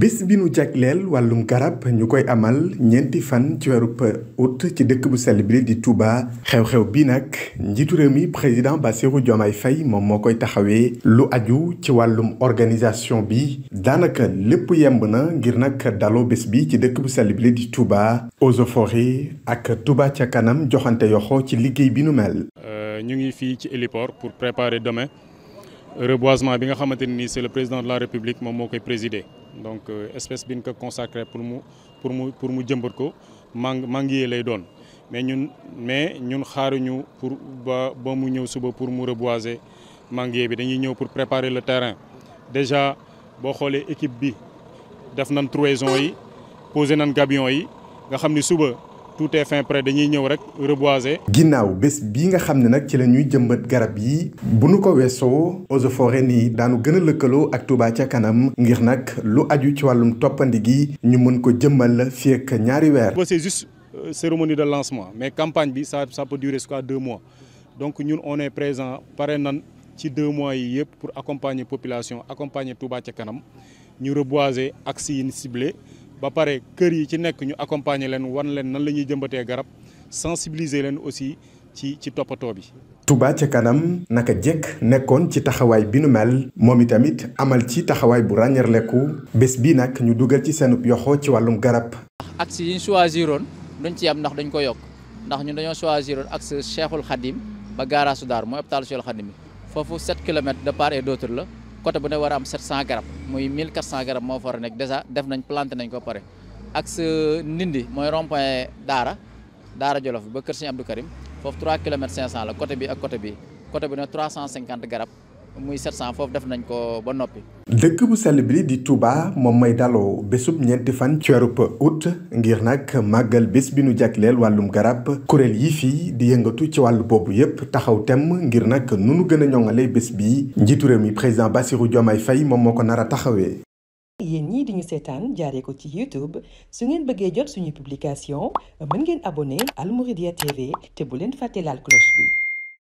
bés binu jagleel wàllum garab ñu koy amal ñeenti fan ci weeru août ci dëkk bu sell bi di Touba xew-xew bi nag njiitu réew mi président Bassirou Diomaye Faye moom moo koy taxawee lu aju ci wàllum organisation bi daanaka lépp yemb na ngir nag daloo bés bi ci dëkk bu sell bi di Touba eaux et forêts ak Touba ca kanam joxante yoxo ci liggéey bi nu mel. Euh, ñu ngi fii ci héliport pour préparer demain reboisement bi nga xamante ni nii le président de la république moom moo koy présider. donc euh, espèce bi ñu ko consacré pour mu pour mu pour mu jëmbat ko mang manguier lay doon mais ñun mais ñun xaaruñu pour ba ba mu ñëw suba pour mu reboiser manguier bi dañuy ñëw pour préparer le terrain déjà boo xoolee équipe bi def nañ trouaison yi posé nan gabion yi nga xam ni suba. tout est fin prêt dañuy ñëw rek reboiser. ginnaaw bés bii nga xam ne nag ci la ñuy jëmbat garab yi bu nu ko weesoo eaux et forêts nii daanu gën a lëkkaloo ak Touba ca kanam ngir nag lu aju ci wàllum toppandi gi ñu mën ko jëmmal la ak ñaari weer. ba c'est juste euh, cérémonie de lancement mais campagne bi ça ça peut durer jusqu'à deux mois donc ñun on est présent pare nan ci deux mois yi yëpp pour accompagner population accompagner Touba ca kanam ñu reboiser axes yi ba pare kër yi ci nekk ñu accompagner leen wan leen nan la ñuy jëmbatee garab sensibiliser leen aussi ci ci toppatoo bi. Touba ca kanam naka jekk nekkoon ci taxawaay bi nu mel moom itamit amal ci taxawaay bu ràññarleku bés bii nag ñu dugal ci seenub yoxo ci wàllum garab. axe yi ñu choisiroon duñ ci am ndax dañ ko yokk ndax ñu dañoo choisiroon axe Cheikhul Khadim ba gaaraasu daar mooy hôpital Cheikhul Khadim bi foofu 7 kilomètres de part et d'autre la. côté bu ne war a am 700 garab muy 1400 garab moo fa war a nekk dèjà def nañ planté nañ ko pare ak sa Ndindi mooy rond Daara Daara Jolof ba Kër Sëñ Abdou Karim foofu 3 kilomètres 500 la côté bi ak côté bi côté bu ne cinquante garab. muy 700 foofu def nañ ko ba noppi. dëkk bu sell bi di Touba moom may daloo bésub ñeenti fan ci weerub août ngir nag màggal bés bi nu jagleel wàllum garab kuréel yi fii di yëngatu ci wàllu boobu yépp taxaw temm ngir nag nu nu gën a ñoŋalee bés bi njiitu réew mi président Bassirou Diomaye Faye moom moo ko nar a taxawee. yéen ñii di ñu seetaan jaaree ko ci YouTube su ngeen bëggee jot suñu publication mën ngeen abonné Al Mouridiyyah TV te bu leen fàtte laal cloche bi.